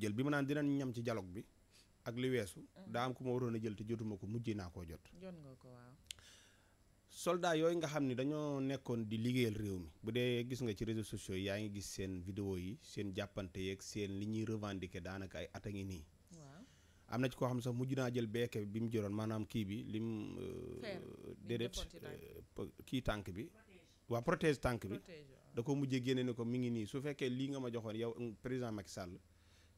jël bi ma naan dinañ ñam ci dialogue bi ak li weesu. Mm. daa am ku ma waroon a jël te jotuma ko mujjee naa koo jot. jot ko waaw. yooyu nga xam ni dañoo nekkoon di liggéeyal réew mi bu dee gis nga ci réseaux sociaux yaa ngi gis seen vidéo yi seen jàppante yeeg seen li ñuy revendiquer daanaka ay at a ngi nii. am na ci koo xam sax mujj naa jël beeke bi mu jëloon maanaam kii bi lim. Euh, déedéet euh, kii tànk bi. waa protège tànk bi. da ko mujjee génne ne ko mu ngi nii su fekkee lii nga ma joxoon yow président Macky Sall.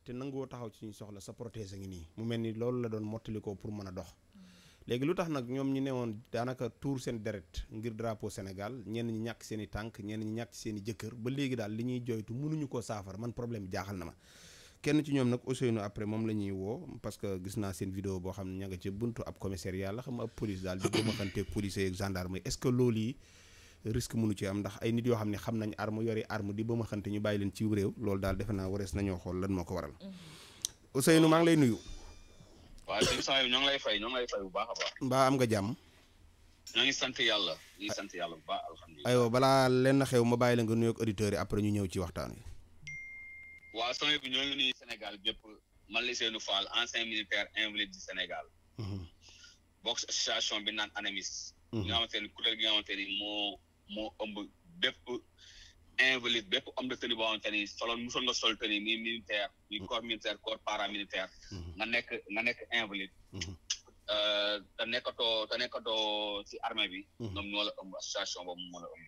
te nangoo taxaw ci suñu soxla sa prothèse ngi nii mu mel ni loolu la doon mottalikoo pour mën a dox léegi lu tax nag ñoom ñi woon daanaka tuur seen deret ngir drapeau Sénégal ñenn ñi ñàkk seen i tànk ñenn ñi ñàkk seeni i jëkkër ba léegi daal li ñuy joytu mënuñu ko saafara man problème jaaxal na ma kenn ci ñoom nag Ousseynou après moom la ñuy woo parce que gis naa seen vidéo boo xam ne ña nga ci buntu ab commissariat la xam ab police daal di gëmaxanteeg risque mënu ci am ndax ay nit yoo xam ne xam nañ arme yori arme di ba ma xante ñu bàyyi leen ci réew loolu daal defe naa warees nañoo xool lan moo ko waral mm-hmm. Ousseynou maa ngi lay nuyu waaw a baax am nga jàmm ñoo ngi sant yàlla bu baax alhamdulilah aywa balaa lenn xew ma bàyyi la nga nuyoog auditeurs yi après ñu ñëw ci waxtaan wi waaw sama bi ñoo ngi nuyu Sénégal bépp man la Seynou Fall ancien militaire invalide du Sénégal mm-hmm. bokk association bi naan ANAMIS. Mm-hmm. moo ëmb bépp invalide bépp homme de tenue boo xamante ni soloon musoon nga sol tenue muy militaire muy mm-hmm. corps militaire corps paramilitaire mm-hmm. nga nekk nga nekk invalide mm-hmm. euh, te nekkatoo te nekkatoo ci armée bi ñoom ñoo la ëmb association boobu moo la ëmb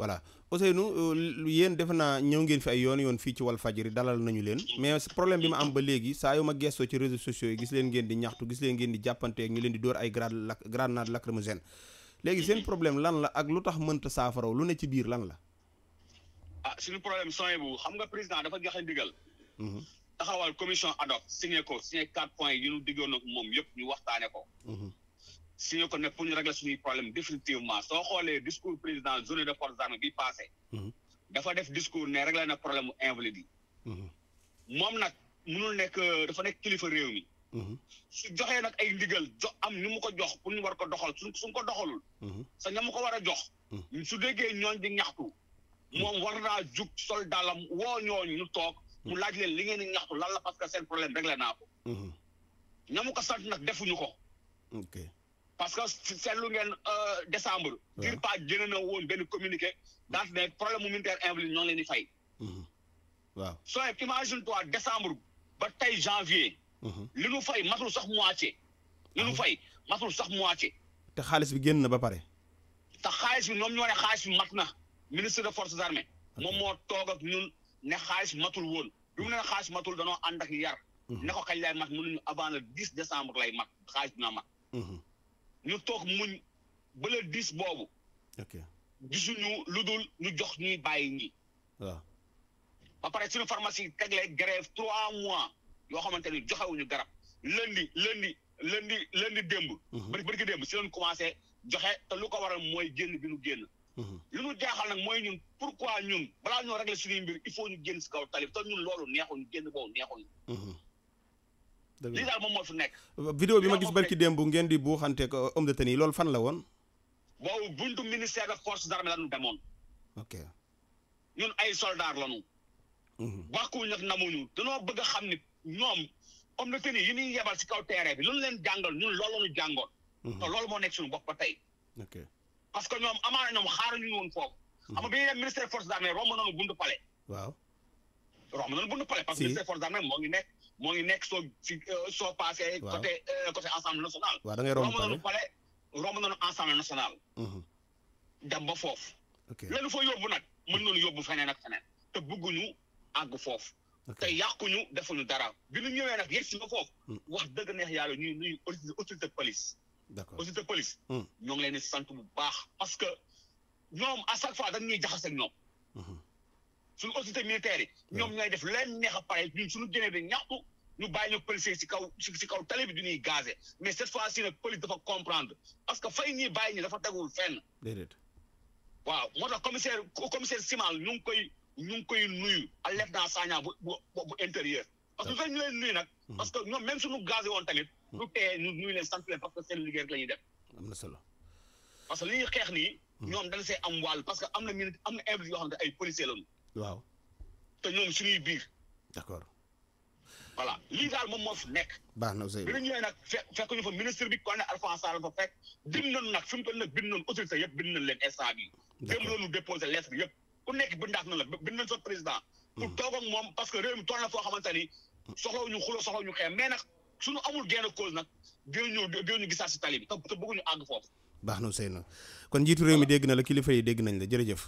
voilà Ousseynou euh, yéen defe ñëw ngeen fi ay yoon yoon fii ci Walfadjri dalal nañu leen mais problème bi ma am ba léegi saa yu ma gestoo ci réseaux sociaux yi gis leen ngeen di ñaxtu gis leen ngeen di jàppante ak ñu leen di dóor léegi seen mmh. problème lan la ak lu tax mënta saafaraw lu ne ci biir lan la. ah suñu problème sooy bu xam nga président dafa joxe ndigal. Mmh. taxawal commission ad hoc ko signé quatre points yi ñu diggoon ak moom yëpp ñu waxtaane ko. Mmh. signé ko ne pour ñu régler suñuy problème définitivement soo xoolee discours président journée de forces armées bi passé. dafa def discours ne réglé na problème mu invalide yi. moom nag mënul nekk dafa nekk kilifa réew mi. Mm-hmm. su joxee nag ay ndigal jox am ñu mu ko jox pour ñu war ko doxal su suñ ko doxalul mm-hmm. sa ña mu ko war a jox mm-hmm. su déggee ñooñ di ñaxtu moom war naa jug soldalam woo ñooñ ñu toog mu laaj leen li ngeen di ñaxtu lan la parce que seen problème réglé naa ko ña mu ko sant nag defuñu ko ok parce que seetlu ngeen euh, décembre diir pas génne na woon benn communiqué daat ne problème mu militaire invalide ñoo leen di fay waaw soo imagine toi décembre ba tey janvier li nu fay matul sax moitié li nu ah. fay matul sax moitié te xaalis bi génn na ba pare te xaalis bi ñoom ñoo ne xaalis bi mat na ministre de force armées moom moo toog ak ñun ne xaalis matul woon lu mu ne xaalis matul danoo ànd ak yar mhm. ne ko kañ lay mat mënuñu avant le dix décembre lay mat xaalis dina mat mhm. ñu toog muñ ba le boobu ok gisuñu lu dul ñu jox ñuy bàyyi ñi waaw ba pare suñu pharmacie tegle grève trois mois yoo xamante ni joxewuñu garab lundi lundi lundi lundi démb. Mhm. bari bari démb si leen commencé joxe te lu ko waral mooy génn bi nu génn. Mhm. li ñu jaaxal nag mooy ñun pour pourquoi ñun balaa ñoo régler suñuy mbir il faut ñu génn si kaw talib te ñun loolu neexuñu génn boobu neexuñu. Mhm. lii daal moom moo fi nekk. vidéo bi ma gis barki démb ngeen di buuxante ko euh, homme de tenue loolu fan la woon. boobu buntu ministère des forces armées la ñu demoon. ok ñun ay soldats la ñu. bàkkuñu nag ñ danoo bëgg xam ni ñoom comme de tenue yi ñuy yebal si kaw terrain bi loolu leen jàngal ñun loolu ñu jàngoon. Mhm. te loolu moo nekk suñu bopp tey. ok parce que ñoom amaana ñoom xaaruñu ñu woon foofu. Mhm. xam nga bi ñuy dem ministère des forces armées romb nañu buntu palais. waaw romb nañu buntu palais. parce que ministère des forces moo ngi nekk moo ngi nekk soo si euh, soo passé. côté euh, côté assemblée nationale. waaw da ngay romb palais romb nañu palais romb nañu assemblée nationale. Mhm. dem foofu. ok lanu fa yóbbu nag mën nañu yóbbu feneen ak feneen te bëgguñu àgg foofu. te yàquñu defuñu dara bi ñu ñëwee nag yegg si ba ko hmm. wax dëgg neex yàlla ñuy nuyu autorité police. d'accord autorité police. Hmm. ñoo ngi leen di sant bu baax parce que ñoom à chaque fois dañ ñuy jaxase ak ñoom. Hmm. suñu autorité militaire yi. ñoom ñooy def leen neex a pare ñun suñu génnee di ñaxtu ñu bàyyi ñu policier si kaw si kaw tali bi du ñuy gazé mais cette fois ci nag police dafa comprendre parce que fay ñuy bàyyi ñi dafa teguwul fenn. déedéet waaw moo tax commissaire commissaire Simal koy. ñu ngi koy nuyu ak lieutenant Sagna bu bu bu intérieur. parce que ñu leen nuyu nag. Mm. parce que ñoom même suñu gazé woon tamit. lu mm. tee ñu nuyu leen sant leen parce que seen liggéey rek la ñuy def. na solo parce que li ñuy xeex nii. Mm. ñoom dañ see am wàll parce que am na minute am na invité yoo xam ne ay policiers lañu. waaw te ñoom suñuy biir. d'accord. voilà lii daal moom moo fi nekk. baax na Ousseynou bi ñu ñëwee nag fe fekk ñu fa ministre bi ko ne Alpha Sall fa fekk. bind nañu nag fi mu toll nag bind nañu autorité yëpp bind nañu leen instant bi. d'accord démb la ñu yëpp. ku nekk bindaat na la bind nañ sot président. pour hmm. toog moom parce que réew mi toll na foo xamante ni soxlawuñu xuloo ñu xeex mais nag suñu amul genn cause nag dinañu dinañu gisaat si tali bi te te bëgguñu àgg foofu. baax na Ousseynou kon njiitu réew mi dégg na la kilifa yi dégg nañ la jërëjëf.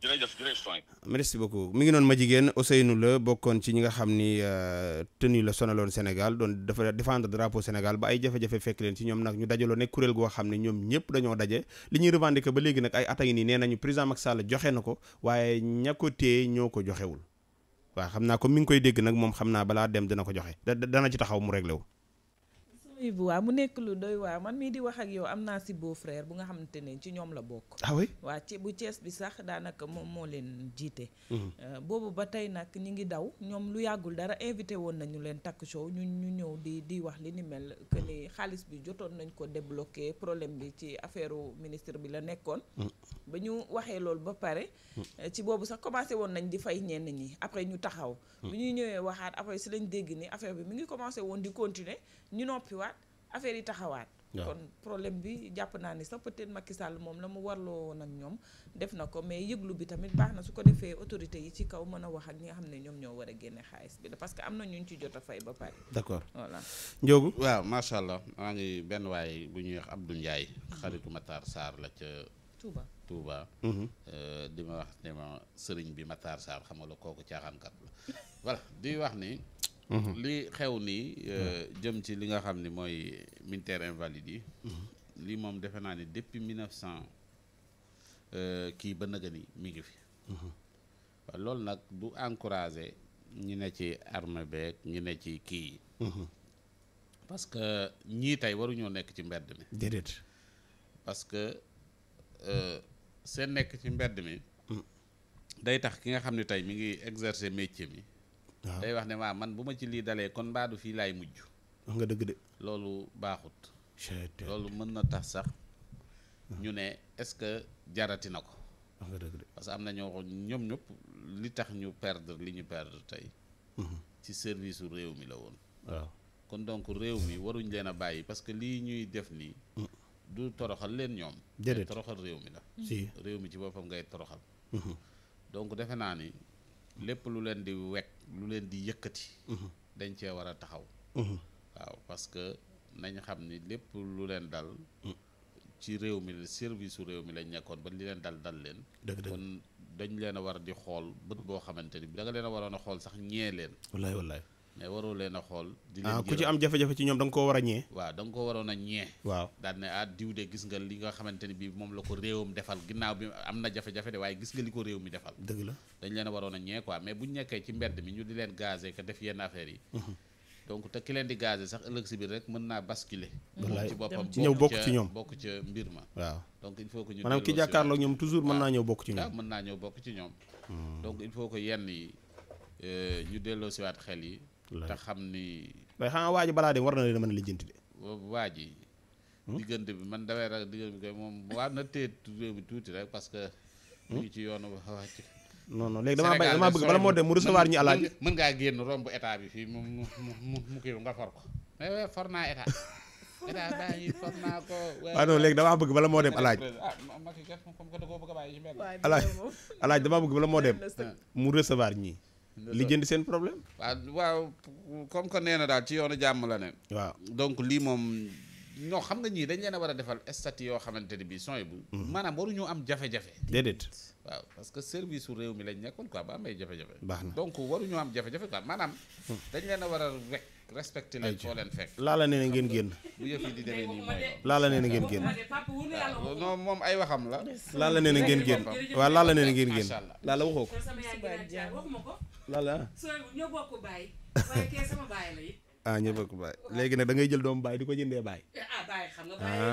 jërëjëf jërëjëf merci beaucoup mi ngi noonu ma jigéen Ousseynou la bokkoon ci ñi nga xam ni euh, tenue la sonaloon Sénégal doon dafa défendre drapeau Sénégal ba ay jafe-jafe fekk leen ci ñoom nag ñu dajaloo nekk kuréel goo xam ne ñoom ñëpp dañoo daje li ñuy revendiquer ba léegi nag ay attaques yi nii nee nañu président Macky Sall joxe na ko waaye ña ko téye ñoo ko joxewul waa xam naa ko mi ngi koy dégg nag moom xam naa balaa dem dana ko joxe dana ci taxaw mu réglé wu waaw ah, mu nekk lu doy waaw man mii di wax ak yow am naa si beau frère bu nga xamante ne ci ñoom la bokk. ah oui waa ci bu Cees bi sax daanaka moom moo leen jiite. Mm-hmm. Euh, boobu ba tey nag ñi ngi daw ñoom lu yàggul dara invité woon nañu leen takk show ñu ñu ñëw di di wax li ni mel que xaalis bi jotoon nañ ko débloqué problème bi ci affaire ministre bi la nekkoon. Mm. ba ñu waxee loolu ba pare. Mm. Euh, ci boobu sax commencé woon nañ di fay ñenn ñi après ñu taxaw. Mm. bu ñuy ñëwee waxaat après si bi mi ngi commencé affaire yi taxawaat. kon problème bi jàpp naa ne sa peut-être Macky moom la mu warloo woon ak ñoom def na ko mais yëglu bi tamit baax na su ko defee autorité yi ci kaw mën a wax ak ñi nga xam ne ñoom ñoo war a génne xaalis bi la parce que am na ñu ci jot a fay ba pare. d'accord voilà. Ndiogu waaw macha allah maa ngi benn waaye bu ñuy wax Abdou Ndiaye xaritu Matar saar la ca. Touba Touba. Mhm. Euh, di ma wax ne ma sëriñ bi Matar Sarr xam nga la kooku caaxaankat la voilà di wax ni. Mm-hmm. li xew nii euh, jëm ci li nga xam ni mooy militaire invalide yi mm-hmm. lii moom defe naa ni depuis mille neuf cent euh, kii ba nëga ni mi ngi fi mm-hmm. waaw loolu nag du encouragé ñi ne ci armée beeg ñi ne ci kii yi parce que ñii tey waruñoo nekk ci mbedd mi déedéet parce que euh, seen nekk ci mbedd mi mm. day tax ki nga xam ne tey mi ngi exercer métier mi day wax ne waaw man bu ma ci lii dalee kon mbaadu fii laay mujj wax nga dëgg de loolu baaxut loolu mën na tax sax hmm. ñu ne est-ce que jarati na ko wax nga dëgg de parce que am na ñoo ñoom ñëpp li tax ñu perdre li ñu perdre tey hmm. ci service u réew mi la woon waaw kon donc réew mi waruñ leen a bàyyi parce que lii ñuy def nii hmm. du toroxal leen ñoom déedéet toroxal réew mi la si réew mi ci boppam ngay toroxal donc defe naa ni lépp lu leen di wekk lu leen di yëkkati mhm. dañ cee war a taxaw mhm. waaw parce que nañ xam ni lépp lu leen dal mhm. ci réew mi service su réew mi lañ nekkoon ba li leen dal dal leen kon dañ leen a war di xool bët boo xamante ni da nga leen a waroon a xool sax ñee leen wallaay wallaay mais waroo leen a xool. di leen ah, ku ci am jafe-jafe ci ñoom da nga koo war a ñee. waaw da nga koo waroon a ñee. waaw daal ne ah diw de gis nga li nga xamante ni bii moom la ko réewam defal ginnaaw bi am na jafe-jafe de waaye gis nga li ko réew mi defal. dëgg la dañ leen a waroon a ñee quoi mais bu ñu nekkee ci mbedd mi ñu di leen gazé que def yenn affaires yi. Mhm. donc te ki leen di gazé sax ëllëg si biir rek mën naa basculer. wallaay ci boppam ñëw bokk ci ñoom bokk ca mbir ma. waaw donc il faut que ñu. maanaam ki jàkkaarloo ñoom toujours mën naa ñëw bokk ci ñoom. mën naa ñëw bokk ci ñoom. Hmm. donc il faut que yenn yi euh, ñu delloo siwaat xel yi te xam ni. waaye xam nga waa ji balaa dem war na leen a mën a lijjanti de. waa ji. Hmm? diggante bi man damay ragal diggante bi kay moom waa na téye réew tuuti rek parce que. mu hmm? ngi ci yoonu wàcc. non non léegi damaa bëgg bala moo dem mu recevoir alaaj mën ngaa génn romb état bi fii mu naa état. état baa ngi for moo dem alaaj alaaj damaa bëgg bala moo dem mu recevoir ñii. li jënd seen problème. waaw waaw comme que nee na daal ci yoonu jàmm la ne. waaw donc lii moom ñoo xam nga ñii dañ leen a war a defal statut yoo xamante ne bii sony bu. Mhm. maanaam waruñoo am jafe-jafe. déedéet. waaw parce que service su réew mi lañ nekkoon quoi ba am ay jafe-jafe. baax na donc waruñoo am jafe-jafe quoi maanaam. Hmm. dañ leen a war a wekk respecté leen foo leen fekk. laala nee na ngeen génn. bu yëf yi di demee nii mooy. nee na ngeen génn. waaw moom ay waxam la. laala nee na ngeen génn. waaw laala nee na ngeen génn. laala waxoo ko. lala so ñoo bokk baay waaye kee sama ah ñoo bokk baay léegi nag da ngay jël doomu baay di ko jëndee baay ah xam